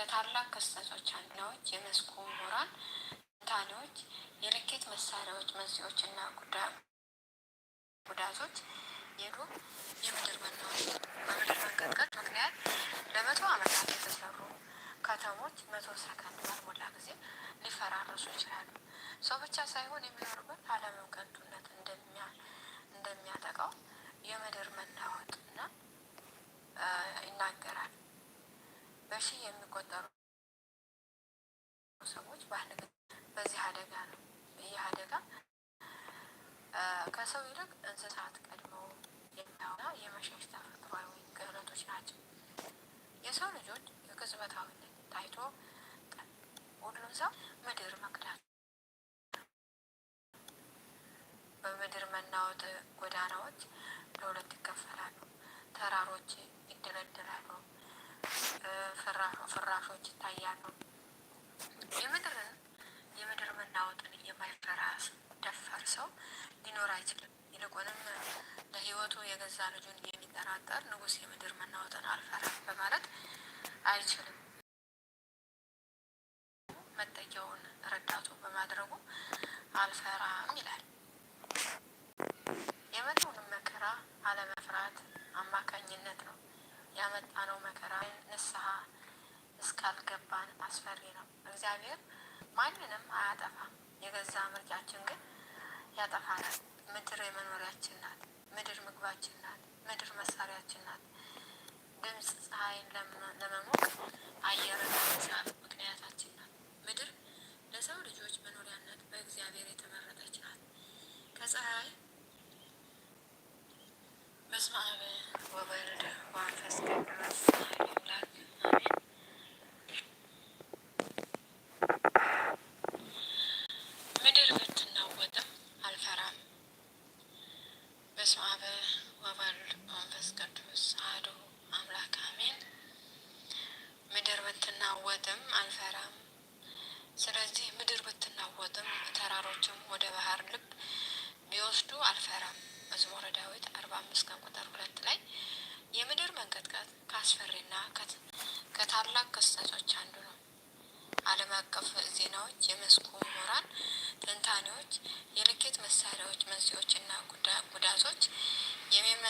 ከታላቅ ክስተቶች አድናዎች፣ የመስኩ ምሁራን ትንታኔዎች፣ የልኬት መሳሪያዎች መንስኤዎች እና ጉዳቶች የዶም የምድር መናወጥ በምድር መንቀጥቀጥ ምክንያት ለመቶ ዓመታት የተሰሩ ከተሞች መቶ ሰከንድ ባልሞላ ጊዜ ሊፈራረሱ ይችላሉ። ሰው ብቻ ሳይሆን የሚኖርበት ዓለምም ከንቱነት እንደሚያጠቃው የምድር መናወጥ እና ይናገራል። በሺ የሚቆጠሩ ሰዎች በአደጋ በዚህ አደጋ ነው። ይህ አደጋ ከሰው ይልቅ እንስሳት ቀድመው የሚያውና የመሸሽ ተፈጥሯዊ ክህሎቶች ናቸው። የሰው ልጆች የቅጽበታዊነት ታይቶ ሁሉም ሰው ምድር መክዳት በምድር መናወጥ ጎዳናዎች ለሁለት ይከፈላሉ፣ ተራሮች ይደለደላሉ። ፍራሾች ይታያሉ። የምድር የምድር መናወጥን የማይፈራ ደፋር ሰው ሊኖር አይችልም። ይልቁንም ለህይወቱ የገዛ ልጁን የሚጠራጠር ንጉስ የምድር መናወጥን አልፈራም በማለት አይችልም። መጠጊያውን ረዳቱ በማድረጉ አልፈራም ይላል። የምድሩን መከራ አለመፍራት አማካኝነት ነው። ያመጣነው መከራ ንስሐ እስካልገባን አስፈሪ ነው። እግዚአብሔር ማንንም አያጠፋም። የገዛ ምርጫችን ግን ያጠፋናል። ምድር የመኖሪያችን ናት። ምድር ምግባችን ናት። ምድር መሳሪያችን ናት። ድምፅ ፀሐይን ለመሞቅ አየርን መጽሐፍ ምክንያታችን ናት። ምድር ለሰው ልጆች መኖሪያነት በእግዚአብሔር የተመረጠች ናት። ከፀሐይ በስመ አብ ወወልድ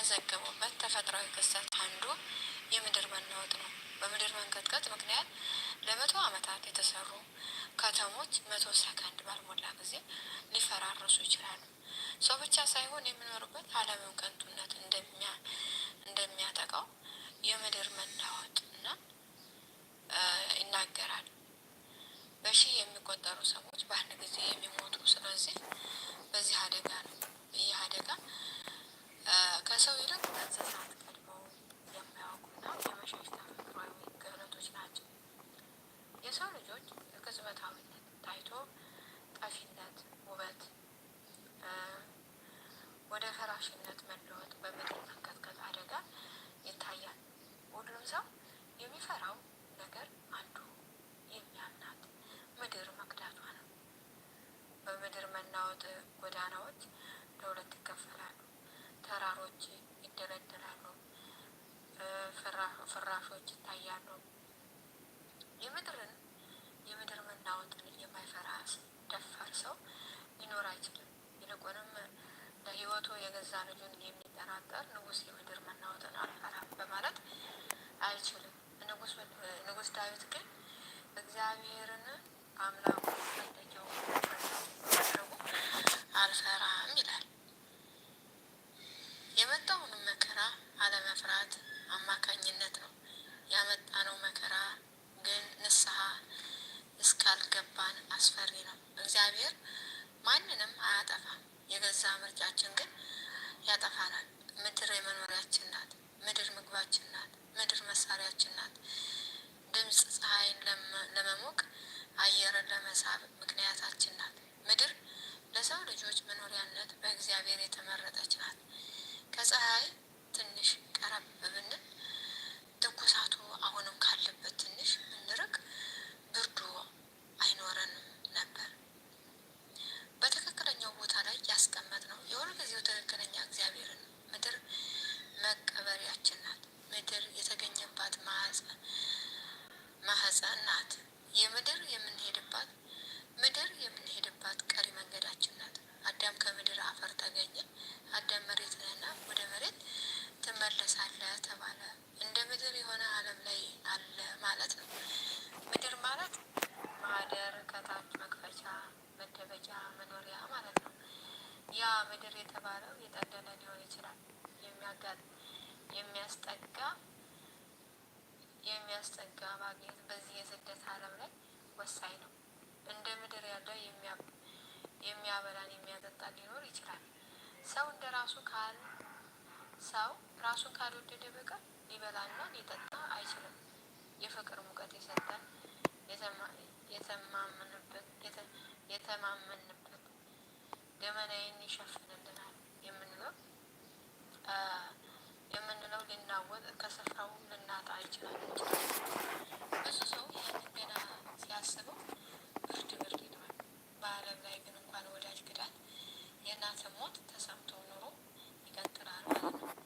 ከዘገቡበት ተፈጥሯዊ ክስተት አንዱ የምድር መናወጥ ነው። በምድር መንቀጥቀጥ ምክንያት ለመቶ ዓመታት የተሰሩ ከተሞች መቶ ሰከንድ ባልሞላ ጊዜ ሊፈራረሱ ይችላሉ። ሰው ብቻ ሳይሆን የሚኖርበት ዓለምን ከንቱነት እንደሚያጠቃው የምድር መናወጥ እና ይናገራል። በሺህ የሚቆጠሩ ሰዎች በአንድ ጊዜ የሚሞቱ ስለዚህ በዚህ አደጋ ነው ይህ አደጋ ከሰው ይልቅ እንስሳት ቀድመው የሚያውቁና የመሸሽ ተፈጥሯዊ ክህሎቶች ናቸው። የሰው ልጆች ቅጽበታዊነት፣ ታይቶ ጠፊነት፣ ውበት ወደ ፈራሽነት መለወጥ በምድር መንቀጥቀጥ አደጋ ይታያል። ሁሉም ሰው የሚፈራው ፍራሾች ይታያሉ። የምድርን የምድር መናወጥን የማይፈራ ደፋር ሰው ሊኖር አይችልም። ይልቁንም ለሕይወቱ የገዛ ልጁን የሚጠራጠር ንጉስ የምድር መናወጥን አልፈራም በማለት አይችልም። ንጉስ ዳዊት ግን እግዚአብሔርን አምላኩ ማድረጉ አልፈራም ይላል። የመጣውን መከራ አለመፍራት አማካኝነት ነው ያመጣነው መከራ። ግን ንስሐ እስካልገባን አስፈሪ ነው። እግዚአብሔር ማንንም አያጠፋም። የገዛ ምርጫችን ግን ያጠፋናል። ምድር የመኖሪያችን ናት። ምድር ምግባችን ናት። ምድር መሳሪያችን ናት። ድምፅ ፀሐይን ለመሞቅ አየርን ለመሳብ ምክንያታችን ናት። ምድር ለሰው ልጆች መኖሪያነት በእግዚአብሔር የተመረጠች ናት። ከፀሐይ ትንሽ ቀረብ ብንል ትኩሳቱ አሁንም ካለበት ትንሽ እንርቅ፣ ብርዱ አይኖረንም ነበር። በትክክለኛው ቦታ ላይ ነው። ያስቀመጥነው ጊዜው ትክክለኛ እግዚአብሔርን ምድር መቀበሪያችን ናት። ምድር የተገኘባት ማህፀን ናት። የምድር የምንሄድባት ምድር የምንሄድባት ቀሪ መንገዳችን ናት። አዳም ከምድር አፈር ተገኘ። አዳም መሬት ነህና ወደ መሬት ትመለሳለህ ተባለ። እንደ ምድር የሆነ ዓለም ላይ አለ ማለት ነው። ምድር ማለት ማደር፣ ከታች መክፈቻ፣ መደበቂያ፣ መኖሪያ ማለት ነው። ያ ምድር የተባለው የጠደለ ሊሆን ይችላል። የሚያስጠጋ የሚያስጠጋ ማግኘት በዚህ የስደት ዓለም ላይ ወሳኝ ነው። እንደ ምድር ያለ የሚያበላን የሚያጠጣ ሊኖር ይችላል። ሰው እንደ ራሱ ካል ሰው ራሱን ካልወደደ በቀር ሊበላና ሊጠጣ አይችልም። የፍቅር ሙቀት የሰጠን የተማመንበት ደመናይን ይሸፍንልናል የምንለው የምንለው ልናወጥ ከስፍራው ልናጣ ይችላል። ብዙ ሰው ይህንን ገና ሲያስበው ብርድ ብርድ ይለዋል። በዓለም ላይ ግን እንኳን ወዳጅ ግዳል የእናተ ሞት ተሰምቶ ኑሮ ይቀጥላል ማለት ነው።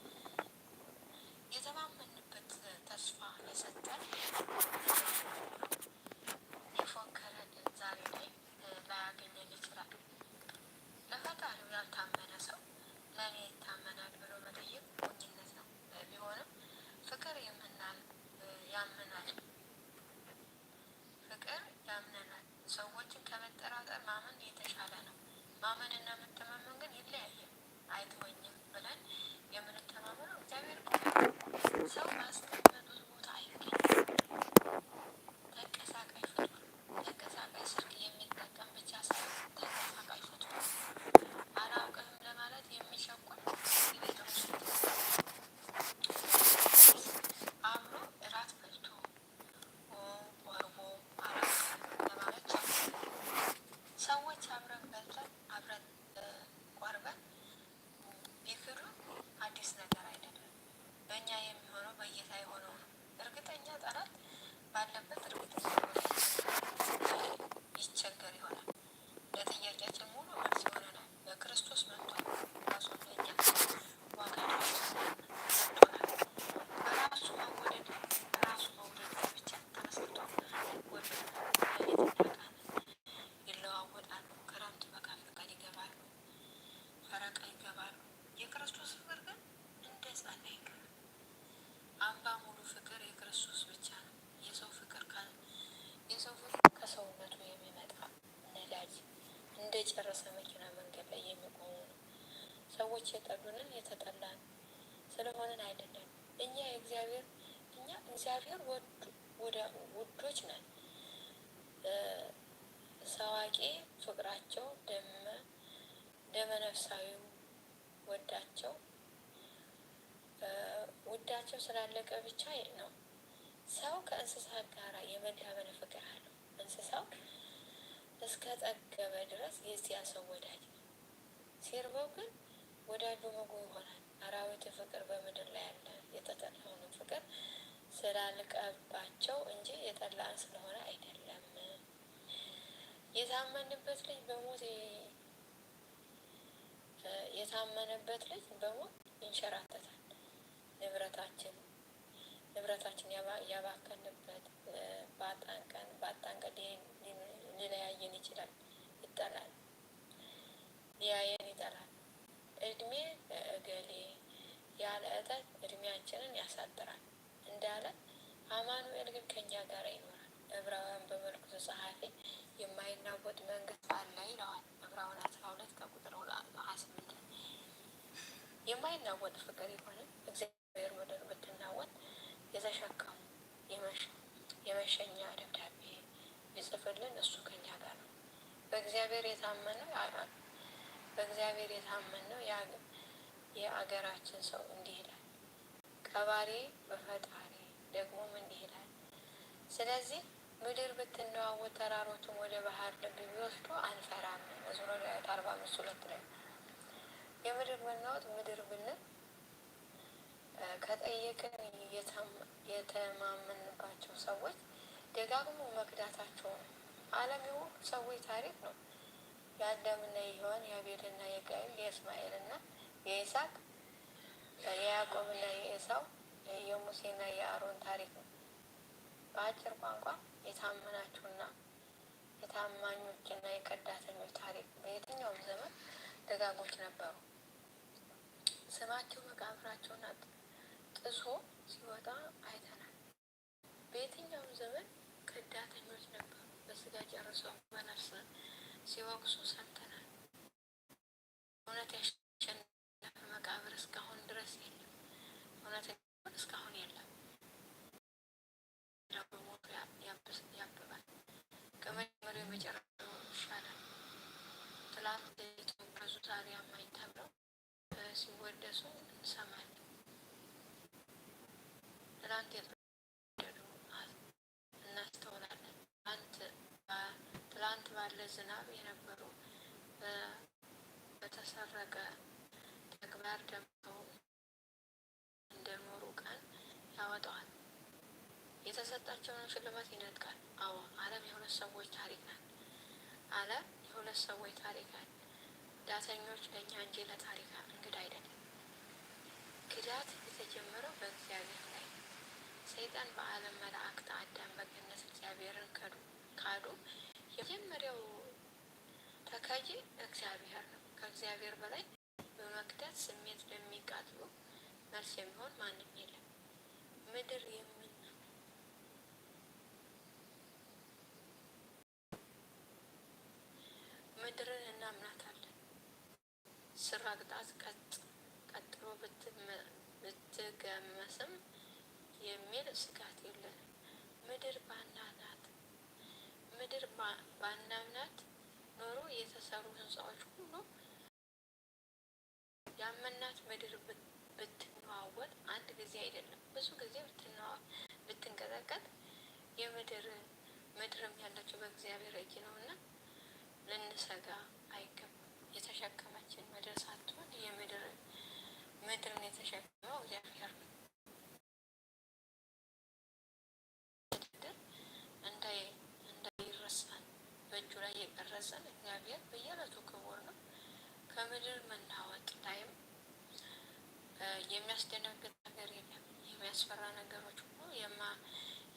የጨረሰ መኪና መንገድ ላይ የሚቆሙ ነው። ሰዎች የጠሉንን የተጠላን ስለሆንን አይደለም። እኛ የእግዚአብሔር እኛ እግዚአብሔር ውዶች ነን። ሰዋቂ ፍቅራቸው ደመነፍሳዊው ወዳቸው ውዳቸው ስላለቀ ብቻ ነው። ሰው ከእንስሳት ጋር የመዳመን ፍቅር አለው። እንስሳው እስከ ጠገበ ድረስ የዚያ ሰው ወዳጅ ነው። ሲርበው ግን ወዳጁ ምጉ ይሆናል። አራዊት ፍቅር በምድር ላይ ያለ የተጠላውን ፍቅር ስላልቀባቸው እንጂ የጠላን ስለሆነ አይደለም። የታመንበት ልጅ በሞት የታመነበት ልጅ በሞት ይንሸራተታል። ንብረታችን ንብረታችን ያባከንበት ባጣን ቀን ባጣን ቀን ሊለያየን ይችላል። ይጠላል፣ ሊያየን ይጠላል። እድሜ እገሌ ያለ እጠት እድሜያችንን ያሳጥራል እንዳለ አማኑኤል ግን ከኛ ጋር ይኖራል። ዕብራውያን በመልኩ ጸሐፊ የማይናወጥ መንግስት አለ ይለዋል። ዕብራውያን አስራ ሁለት ከቁጥር ሀያ ስምንት የማይናወጥ ፍቅር የሆነ እግዚአብሔር ምድር ብትናወጥ የተሸከሙ የመሸኛ የሚጽፍልን እሱ ከኛ ጋር ነው። በእግዚአብሔር የታመነው ያራል። በእግዚአብሔር የታመነው የአገራችን ሰው እንዲህ ይላል። ቀባሪ በፈጣሪ ደግሞም እንዲህ ይላል። ስለዚህ ምድር ብትነዋወጥ ተራሮችን ወደ ባህር ልብ ቢወስዱ አንፈራም። መዝሙር አርባ አምስት ሁለት ላይ የምድር መናወጥ ምድር ብንል ከጠየቅን የተማመንባቸው ሰዎች ደጋግሞ መክዳታቸው ነው። ዓለም የሁሉ ሰዎች ታሪክ ነው። የአዳምና የሔዋን የአቤልና የቃይል የእስማኤልና የይስሐቅ የያዕቆብና የኤሳው የሙሴና የአሮን ታሪክ ነው። በአጭር ቋንቋ የታመናችሁና የታማኞችና የቀዳተኞች ታሪክ በየትኛውም ዘመን ደጋጎች ነበሩ። ስማቸው መቃብራቸውና ጥሶ ሲወጣ አይተናል። በየትኛውም ዘመን ከዳተኞች ነበሩ። በስጋ ጨርሰው መነፍስን ሲወቅሱ ሰምተናል። እውነት ያሸነፈ መቃብር እስካሁን ድረስ የለም። እውነት እስካሁን የለም። በሞቱ ያብባል። ከመጀመሪያው የመጨረሻው ይሻላል። ትላንት የተወገዙ ዛሬ አማኝ ተብለው ሲወደሱ እንሰማለን። ትላንት ባለ ዝናብ የነበሩ በተሰረቀ ተግባር ደምተው እንደኖሩ ቀን ያወጣዋል። የተሰጣቸውን ሽልማት ይነጥቃል። አዎ ዓለም የሁለት ሰዎች ታሪክ ናት። ዓለም የሁለት ሰዎች ታሪክ ናት። ዳተኞች ለእኛ እንጂ ለታሪክ እንግዳ አይደለም። ክዳት የተጀመረው በእግዚአብሔር ላይ ሰይጣን በዓለም መላእክት አዳም በገነት እግዚአብሔርን ካዱ። የመጀመሪያው ተካይ እግዚአብሔር ነው። ከእግዚአብሔር በላይ በመክዳት ስሜት ለሚቃጥሉ መልስ የሚሆን ማንም የለም። ምድር የምን ምድርን እናምናታለን። ስራ ቅጣት ቀጥሎ ብትገመስም የሚል ስጋት የለንም። ምድር ባናናት ምድር ባናምናት ኖሮ የተሰሩ ህንፃዎች ሁሉ ያመናት ምድር ብትነዋወጥ አንድ ጊዜ አይደለም ብዙ ጊዜ ብትንቀጠቀጥ የምድር ምድርም ያለችው በእግዚአብሔር እጅ ነው እና ልንሰጋ አይገባም። የተሸከመችን ምድር ሳትሆን የምድር ምድርን የተሸከመው እግዚአብሔር ነው። ምድር መናወጥ ላይም የሚያስደነግጥ ነገር የለም። የሚያስፈራ ነገሮች ሁሉ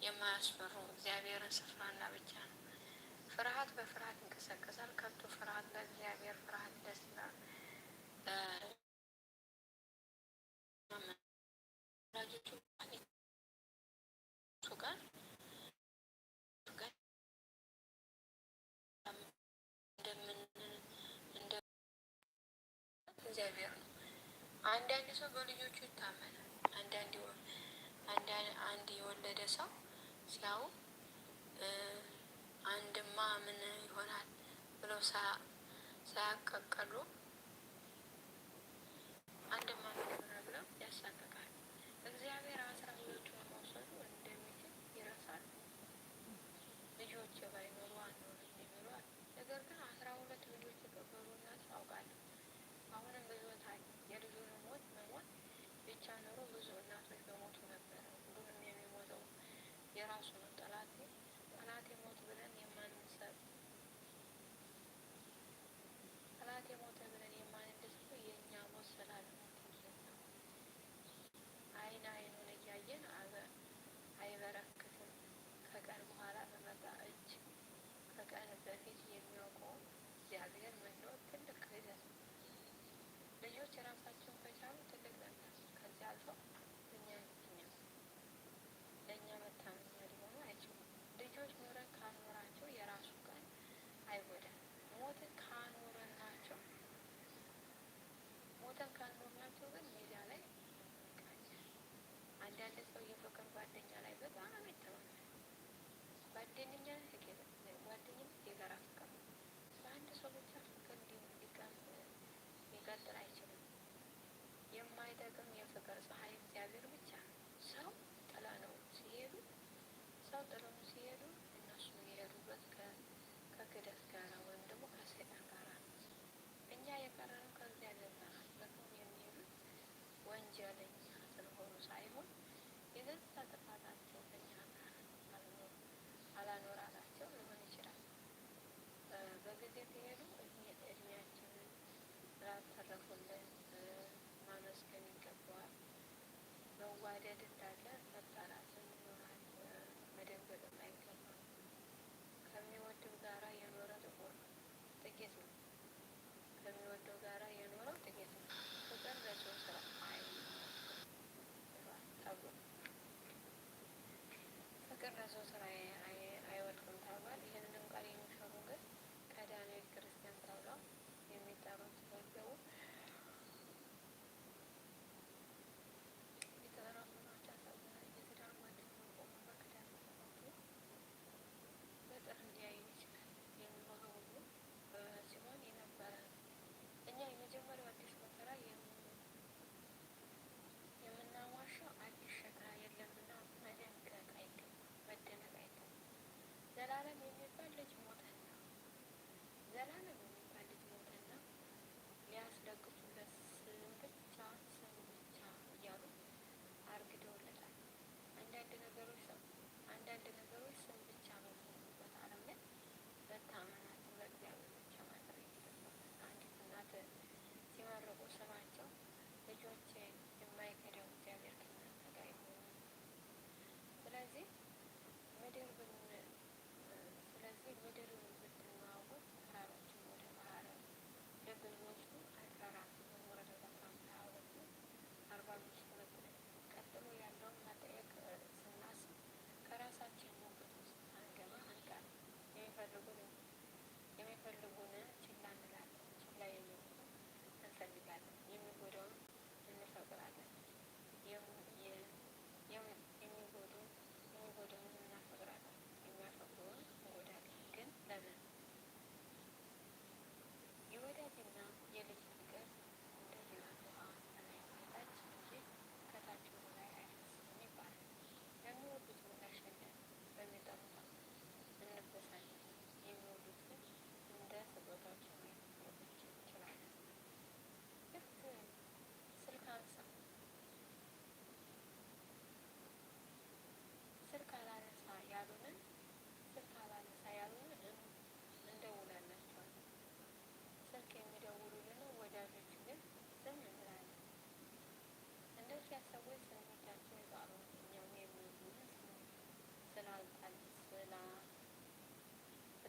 የማያስፈሩ እግዚአብሔርን ስፍራና ብቻ ነው። ፍርሃት በፍርሃት ይንቀሳቀሳል። ከቶ ፍርሃት ለእግዚአብሔር እግዚአብሔር ነው። አንዳንድ ሰው በልጆቹ ይታመናል። አንዳንድ አንድ የወለደ ሰው ሲያው አንድማ ምን ይሆናል ብለው ሳያቀቀሉ አንድማ የራሱ ነው ጠላት ጠላት የሞት ብለን የማንሰብ ጠላት የሞተ ብለን የማንደስ የእኛ ሞት ስላለሞት አይን አይኑን እያየን አበ አይበረክትም። ከቀን በኋላ በመጣ እጅ ከቀን በፊት የሚያውቀው እግዚአብሔር መኖር ትልቅ ክህደት ልጆች ራስ ጓደኛ ላይ በጣም ነው ይጥላል። ጓደኛ ጓደኝነት የጋራ ፍቅር ነው። በአንድ ሰው ብቻ ፍቅር ሊቀጥል አይችልም። የማይጠቅም የፍቅር ፀሐይ እግዚአብሔር ብቻ ሰው ጥላ ነው ሲሄዱ ሰው ጥለው ሲሄዱ እነሱ የሄዱበት ከክደት ጋራ ወይም ደግሞ ከሰይጣን ጋራ ነው። እኛ የቀረነው ከእግዚአብሔር ጋር በቅም የሚሄዱት ወንጀለኛ ቤት ሄዱ። እድሜያችንን ላተረፉልን ማመስገን ይገባዋል። መዋደድ እንዳለ መጣላትን ይኖራል። መደንገጥም አይገባም። ከሚወድም ጋራ የኖረ ጥቁር ጥቂት ነው። ከሚወደው ጋራ የኖረው ጥቂት ነው። ፍቅር ለሰው ስራ አይ ፍቅር ለሰው ስራ يفرقون كما يفرقون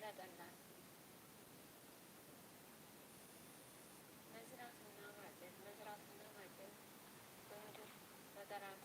ያጠናል። መዝራትና ማጨድ መዝራትና ማጨድ በምድር በጠራት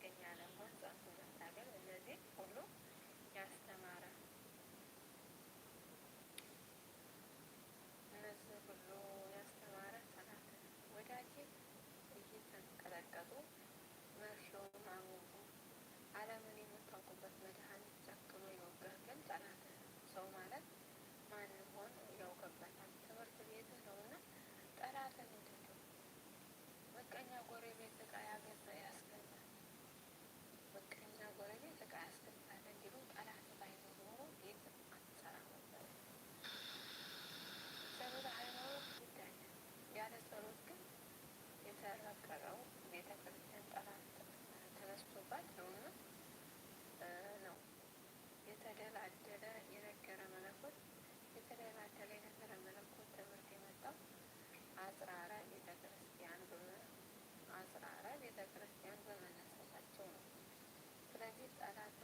በቀኛ ጎረቤት እቃ ያገባ ያስገባል፣ በቀኛ ጎረቤት እቃ ያስገባል እንዲሉ ጠላት ባይኖር ኖሮ የትም አትሰራ ነበር። ጸሎት ሃይማኖት ይዳኛል። ያለ ጸሎት ግን የተረቀረው የህፃናት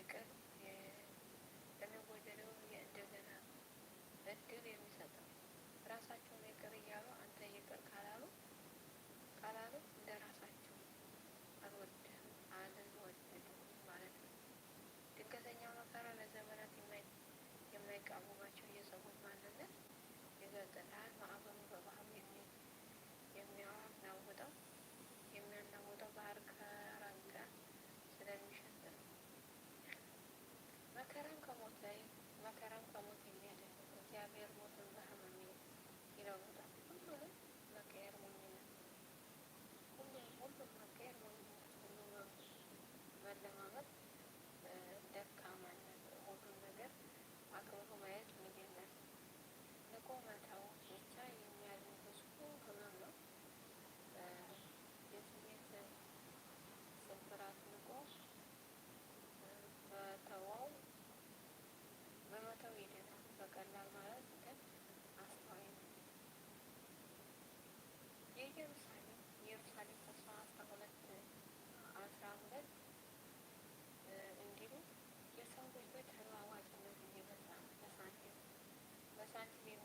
የቀሩ ለሚወደደው የእንደገና እድል የሚሰጠው ራሳቸውን ይቅር እያሉ አንተ ይቅር ካላሉ ካላሉ እንደ ራሳቸው አልወድህም አልወደድኩም ማለት ነው። ድንገተኛው መከራ ለዘመናት የማይቃወማቸው የሰዎች ማንነት ይገልጥልሃል። ደካማነት ሁሉን ነገር አቅርቦ ማየት ልዩነት ንቆ የኢየሩሳሌም ኢየሩሳሌም ተስፋ አስራ ሁለት አስራ ሁለት እንዲሁ የሰው ጉልበት ተለዋዋጭነት እየበዛ በሳንቲም በሳንቲም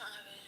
Christmas